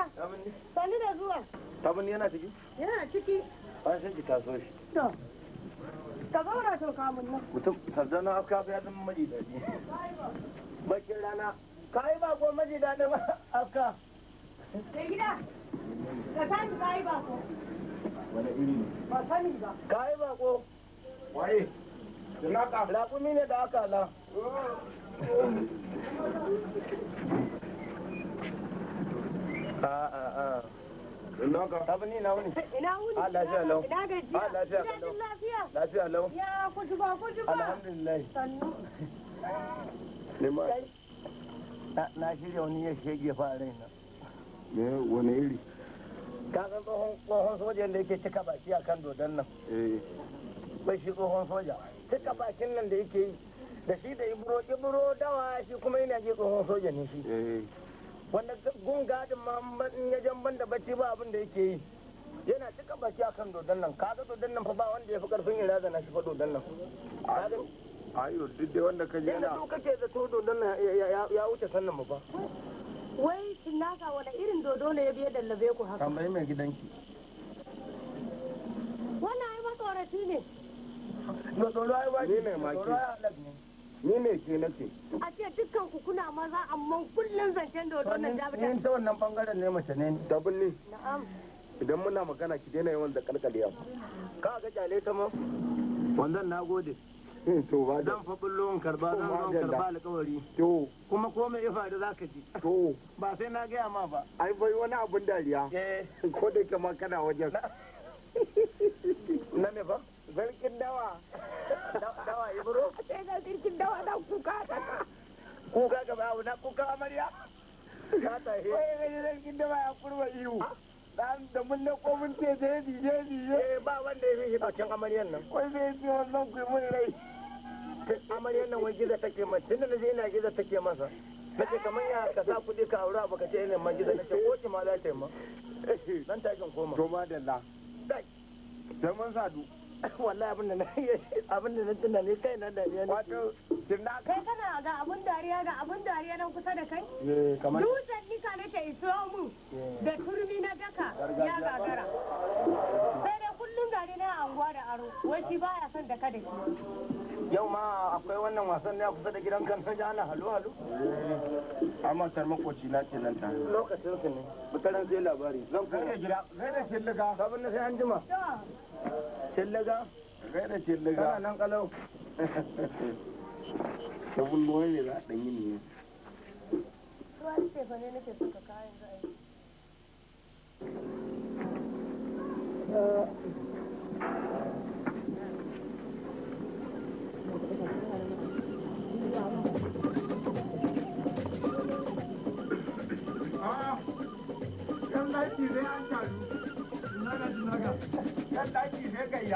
barka. Sani da zuwa. Tabin yana ciki? Yana ciki. ki taso shi. Ka zauna to kamun nan. Mutum maji daɗi. Bakin rana. Ka yi bako maji daɗin afka. Da gida. Ka sani ka yi bako. Wani iri ne? Ba sani ba. Ka yi bako. Waye? ne da aka la. Ina ka? Ka bani ina wuni. Ina wuni. Ah lafiya lau. Ah, ina gajiya. lafiya lau. lafiya. Lafiya lau. Ya kutuba kutuba. Alhamdulillah. Sannu. Lema. Na shirya wani ya shege fara ina Me wani iri? Ka san tsohon tsohon sojan da yake cika baki a kan dodon nan. Eh. Bai shi tsohon soja. Cika bakin nan da yake yi. Da shi da ibro ibro dawa shi kuma yana je tsohon soja ne shi. Eh. wanda gun gadin ma in ya jan banda bacci ba abin da yake yi yana cika baki akan dodon nan kaga dodon nan fa ba wanda ya fi karfin ira da na shi fa dodon nan ayo duk dai wanda ka je na to kake da to dodon nan ya wuce sannan mu ba wai cinnaka wani irin dodo ne ya biye da labe ku haka tambayi mai gidanki wannan ai tsorati ne dodo ai ba ne ne maki ni ne shi nake a ce dukkan ku kuna maza amma kullum zancen dodo nan da ni ta wannan bangaren ne mace ne ta binni idan muna magana ki daina yawan da kalkaliya ka ga kyale ta ma wannan gode. Eh, to ba da dan fa bullon karba zan zo karba alƙawari to kuma ko mai ifa da zaka ji to ba sai na gaya ma ba ai bai wani abun dariya eh. ko da kuma kana wajen na ne ba zarkin dawa dawa ibro sai ga sirkin dawa da kuka ta kuka ga babu na kuka amarya ka ta he wai ga sirkin dawa ya kurba ihu dan da mun na ko mun ce je di je di je ba wanda ya fi bakin amaryan nan kai zai ce wannan ku mun rai amaryan nan wai giza take masa tunda na je ina giza take masa nace kamar ya ka sa kuɗi ka aura baka ce ina man giza nace ko ki ma za ta yi ma dan takin koma to ma da la sai mun sadu wallahi abin da na abin da na ne kai na dariya ne wato tunda kai kana ga abin dariya ga abin dariya nan kusa da kai eh, kamar dutsen nika na ta iso mu eh. da turmi na daka ya gagara sai dai kullum gari na anguwa da aro wai shi baya son daka da shi yau ma akwai wannan wasan ne a kusa da gidan kan soja ana halu halu amma tar makoci na ke nan ta lokacin su ne mutaran zai labari zan ku ne gida zai da shillaga sabon na sai an jima shillaga zai da shillaga kana nan kalau sabon ruwa ne za a ɗanyi ne ruwa ne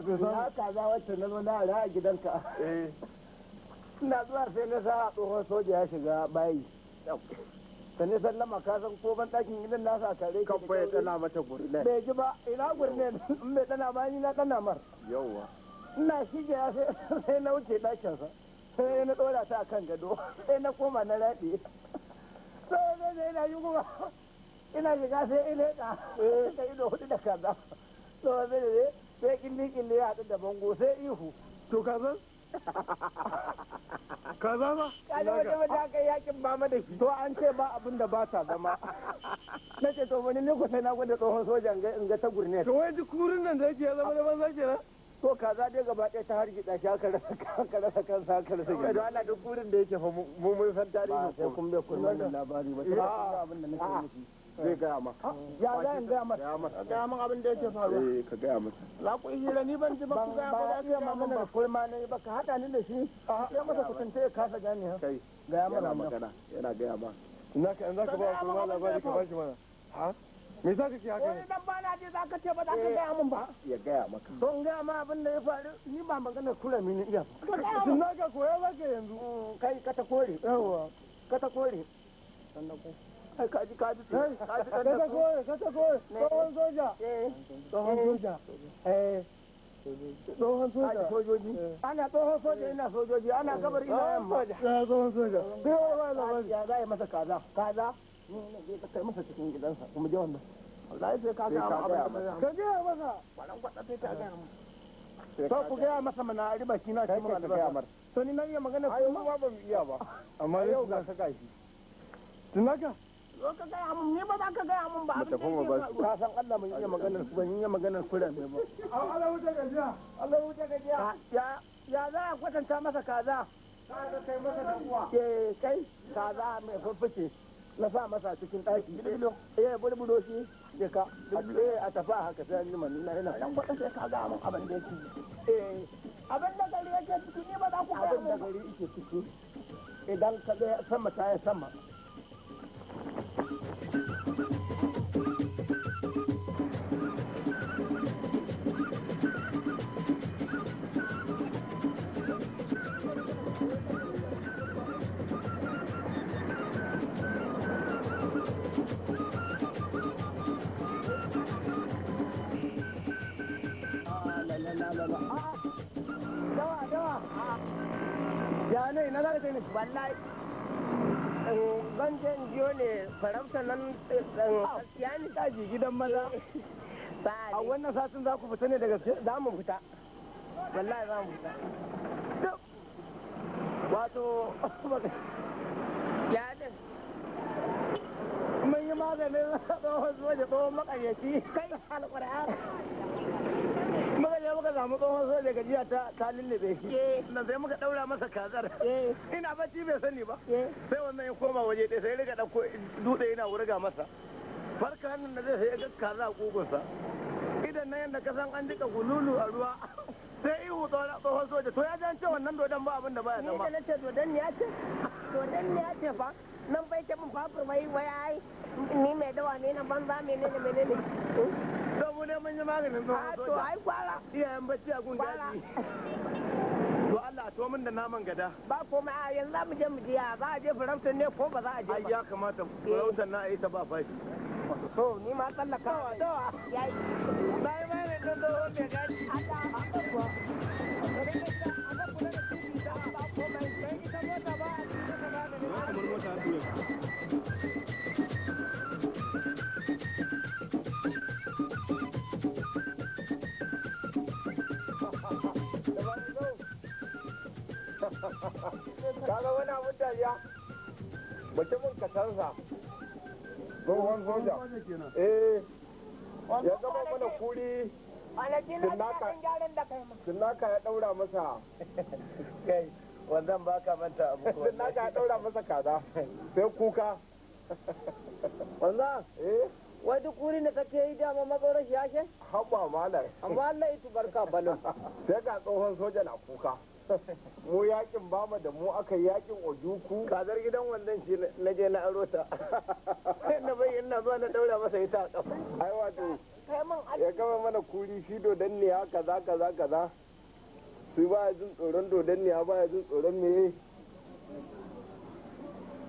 na kaza wacce na zo na a gidanka eh. na zuwa sai na sa tsohon soja ya shiga bayi ta ne sallama ka san ko ban ɗakin gidan nasa a kare kan fa ya tsana mata gurne bai ji ba ina gurne in bai tsana ba ni na tsana mar yawwa ina shige ya sai na wuce ɗakinsa sai na ɗora ta a kan gado sai na koma na raɗe sai na zai na yi kuma ina shiga sai ina ɗa da eh. ido hudu da kaza to zai zai sai killi killi ya haɗu da bango sai ihu to ka kaza ka zama ka zama da mata aka yakin ba ma da shi to an ce ba abin da ba ta zama na ce to wani ne sai na gwada tsohon sojan ga in ga ta gurne to wai duk kurin nan da yake ya zama da banza kenan to kaza dai gaba ɗaya ta harki da aka rasa ka rasa kansa aka rasa gida to Allah duk gurin da yake fa mu mun san tarihi ko kun bai kun labari ba ta eh. abin da nake nufi zai gaya maka mm. ya za in gaya masa gaya min abin da yake faruwa eh ka gaya la hira ni ban ji ba ku gaya ba da ya magana da kulma ne ba ka hada ni da shi ya masa kusance ya kasa gane ha kai gaya mana magana yana gaya ma ina ka in zaka ba kulma labari ka bashi mana ha me za ka haka ne dan bana je za ce ba za gaya min ba eh, ya gaya maka don gaya ma abin da ya faru ni ba magana kula mini iya ba tun koya zaka yanzu mm, kai ka ta kore yawa ka ta kore Kaji kaji kaji ji ka ji kan da ko ka ta ko soja tsohon soja eh. Eh. tsohon soja eh. sojoji ana tsohon soja ina sojoji ana gabar ina yamma tsohon soja bai wa ba ya za masa kaza kaza ne ka kai masa cikin gidansa kuma ji wannan wallahi sai ka ga ka ga masa wannan kwata sai ka ga masa to ku ga masa mana riba kina shi to ni nan ya magana ko ba iya ba amma yau ga ka gashi tunaka zo ka gaya mun ni ba za ka gaya mun ba abin da yake faruwa ka san Allah mun yi maganar ban yi maganar kurame ba Allah wuce gajiya Allah wuce gajiya ya ya za a kwatanta masa kaza kaza kai masa da uwa eh kai kaza mai fuffuce na sa masa cikin ɗaki eh bulbulo shi ne ka eh a tafa haka sai ni man ina ina dan gwada sai mun abin da yake eh abin da gari yake ciki ne ba za ku ga abin da gari yake ciki idan ka ga sama ta ya sama wallahi zan je in ne nan ya ni gidan maza eh, a wannan satin za ku fita ne daga za mu fita wallahi za mu fita wato ya din mun yi maganin tsohon zuwa da tsohon makaryaci kai alƙur'an muka samu tsohon soja gajiya ta ta lullube shi eh. na sai muka daura masa kazar eh. ina bacci bai sani ba eh. sai wannan ya koma waje ɗaya sai riga ɗauko dutse yana wurga masa farka hannun da zai sai ya kaza a kugunsa idan na yadda kasan an jika gululu a ruwa sai ihu tsohon soja to ya jance wannan dodon ba abin da baya zama ni da nace dodon ya ce dodon ya ce fa nan bai ce min fafur mai waya ai ni mai dawa ne na banza menene menene an yi maganin zama ah, To ai bacci a gun daji. To Allah to min da naman gada. Ba komai a yanzu mu je mu je a je ne ko ba za a je Ai ya kamata na ita ba fashi. So ni ma tsallaka. To yayi. Bai bai ne Allah ba kuwa. mutumin katarsa tsohon soja eh, ya zama mana kuri sinaka ya daura masa kai wanzan ba ka manta abu ko sinaka ya daura masa kaza sai kuka wanzan eh wai duk wurin da kake yi dama matsoron shi yashe? haɓa malar amma Allah ya tubarka balon sai ga tsohon soja na kuka mu yakin bama da mu aka yakin ojuku kazar gidan wannan shi na je na aro ta na bai ina zuwa na daura masa ita a kafa ai wato ya kama mana kuri shi dodon ne ya kaza kaza kaza su ba ya jin tsoron dodon ne ba ya jin tsoron meye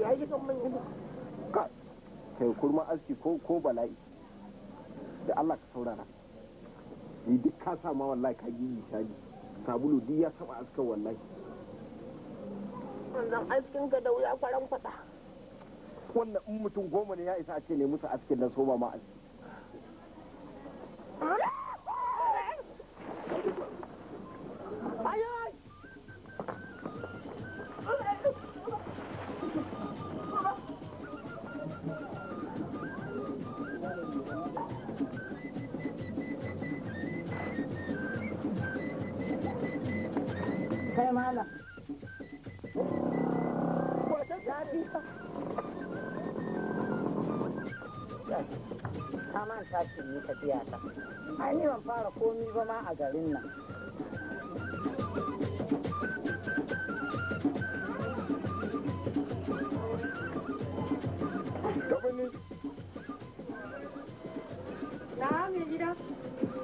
ya yi kai kurma aski ko ko bala'i da Allah ka saurara ni duk ka sa ma wallahi ka gigi shaji sabulu duk ya taba askan wallahi wannan askin ka da wuya faran fada wannan in mutum goma ne ya isa a ce ne musu askin da so ba ma aski tashin yi tafiya ta ai ban fara komi ba ma a garin nan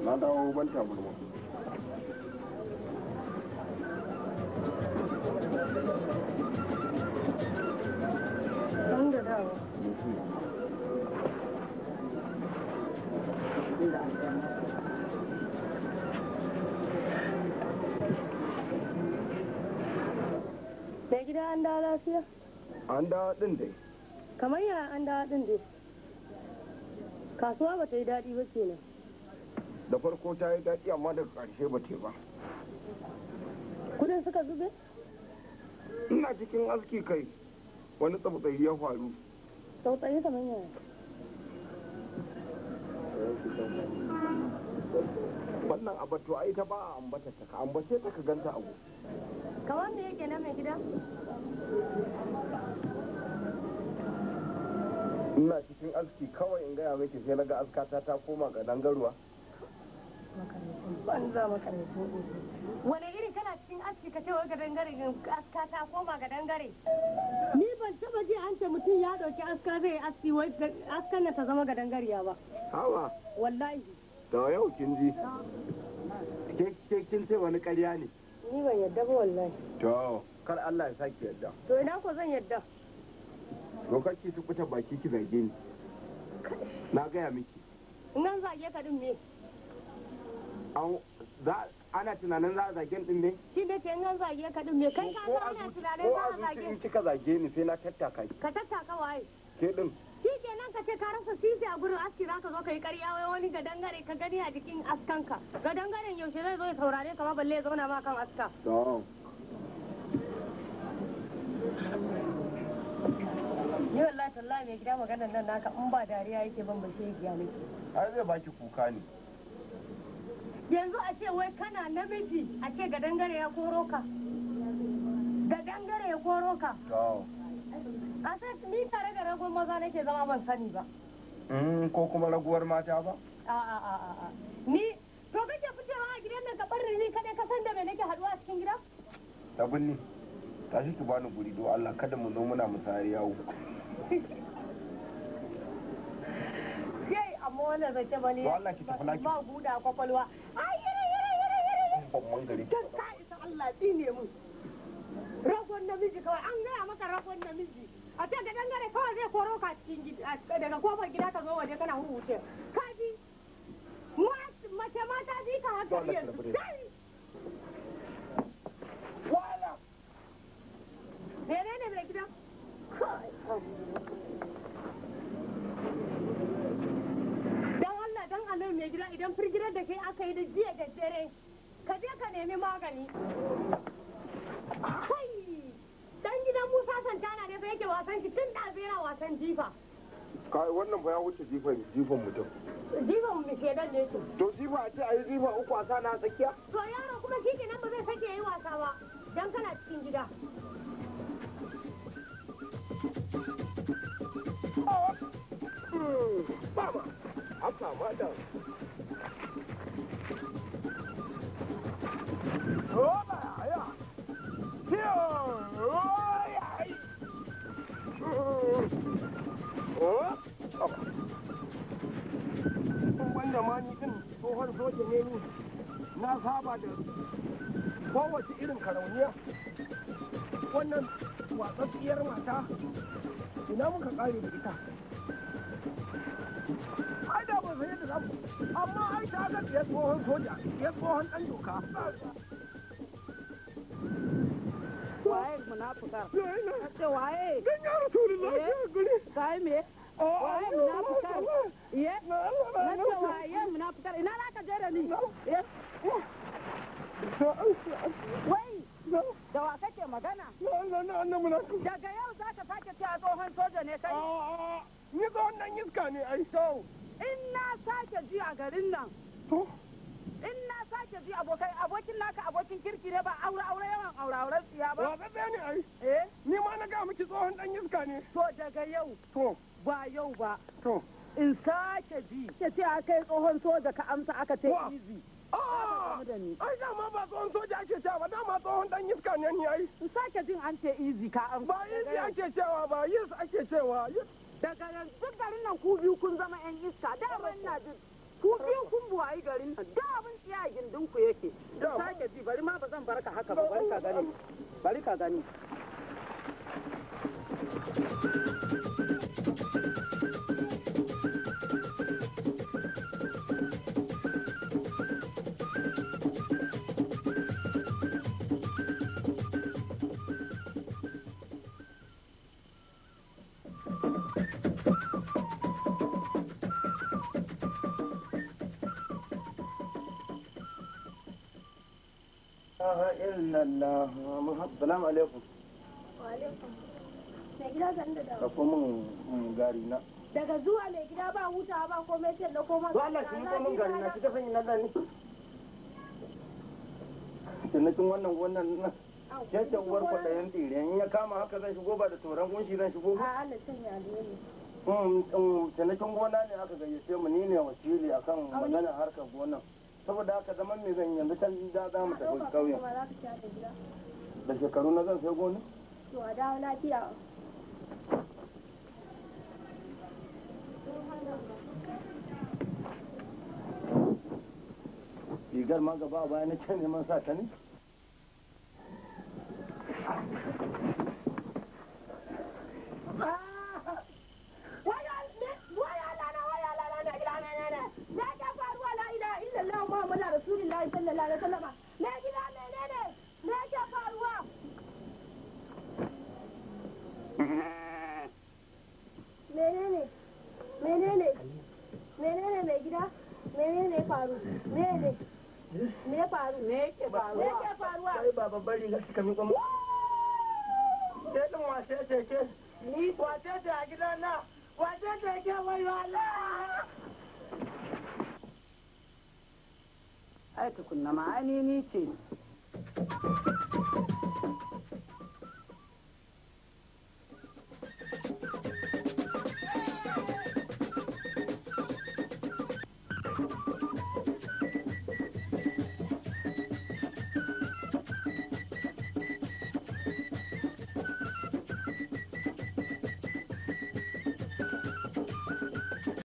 Na dawo ban taburma. Thank you. dai an dawo lafiya an dawo din dai kamar ya an dawo din dai kasuwa ba ta yi daɗi ba ke nan. da farko ta yi daɗi amma daga ƙarshe ba ta ba kudin suka zube ina cikin aski kai wani tsautsayi ya faru tsautsayi kamar yaya wannan a batu ai ta ba a ambata ta ka ambace ta ka ganta abu ka wanda yake na mai gida ina cikin aski kawai in gaya miki sai naga askata ta koma ga dangaruwa wani iri kana cikin aski ka cewa ga dangare askata koma ga dangare ni ban taba ji an ce mutum ya dauki aska zai aski wai askan ta zama ga dangariya ba hawa wallahi da yau kin ji ke kin ce wani karya ne ni ban yadda ba wallahi to kar Allah ya saki yadda to ina ko zan yadda to kake ki kuta baki ki zage ni na gaya miki nan zage ka din me an za ana tunanin za a zage ni din ne shi ne ke nan zage ka din me kai ka ana tunanin za a zage ni kika zage ni sai na tattaka ki ka tattaka waye ke din kenan ka ce ka rasa sisi a gurin aski za ka zo ka yi karya wai wani ga dangare ka gani a jikin askanka ga dangaren yaushe zai zo ya saurare ka ma balle ya zauna ma kan aska ni wallahi tallahi mai gida maganar nan naka in ba dariya yake ban ba sai giya miki har zai baki kuka ne yanzu a ce wai kana namiji a ce ga dangare ya koro ka ga dangare ya koro ka kasar ni tare da ragon maza nake zama ban sani ba hmm, ko kuma raguwar mata ba ni to kake fitowa a gidan nan ka barri ni kada ka san da me nake haduwa a cikin gida tabin ni tashi ki bani guri do Allah kada mu zo muna musari yawo kai amma wannan zace ba ne Allah ki tafi laki ba buda kwakwalwa ai yare yare yare yare ban mun gari ka isa Allah mu ragon namiji kawai an gaya maka ragon namiji a can da dangare kawai zai koro ka cikin daga kofar gida ka zo waje kana huce kaji mace mata ji ka haka yanzu wala menene mai gida dan Allah dan Allah mai gida idan firgirar da kai aka yi da jiya da dare ka je ka nemi magani wannan ba ya wuce jifan jifan mutum jifan mu ke dan ne to to jifa a ce a yi jifa uku a sana a tsakiya to yaro kuma kike nan ba zai sake yi wasa ba dan kana cikin gida Mama, an kama da. Oh! da mani din tsohon soja ne ni na saba da kowace irin karauniya wannan watsatsiyar mata ina muka kare da ita ai da ba sai da zamu amma ai ta ga ya tsohon soja ya tsohon dan doka waye munafuka waye dan gure me na ina za ka je da ni wai da wa kake magana daga yau za ka sake tsohon soja ne kai nan sake ji a garin nan abokin abokin kirki ne ba aure aure yawan aure aure ba ne eh? ni ma na ga miki tsohon dan iska ne to daga yau ba yau ba in sake ji ya ce aka yi tsohon soja ka amsa aka ce izi ah! ai dama ba tsohon soja ake cewa dama tsohon dan iska ne ni ai in sake jin an ce izi ka amsa ba izi ake cewa ba yes ake cewa daga yanzu garin nan ku biyu kun zama yan iska dama ina jin ku biyu kun buwayi garin nan da abin tsiya gindin ku yake in sake ji bari ma ba zan ka haka ba bari ka gani bari ka gani Assalamu alaikum. Wa alaikum. Mai da dawo. Ka min gari na. Daga zuwa mai gida ba ba da koma. Ba Allah gari na ki dafa wannan wannan nan. Yadda uwar kwaɗayen tsire in ya kama haka zan shigo ba da tauran kunshi zan shigo ba. ne. Mm, mm, gona ne aka gayyace mu ni ne wakili akan magana harkar gonan saboda haka zaman mai zan yanzu can da za mu tafi ƙauyen da shekaru na zan sai gona? to a dawo lafiya rigar ma gaba bayan na can neman sa ta ne? وتتجل لي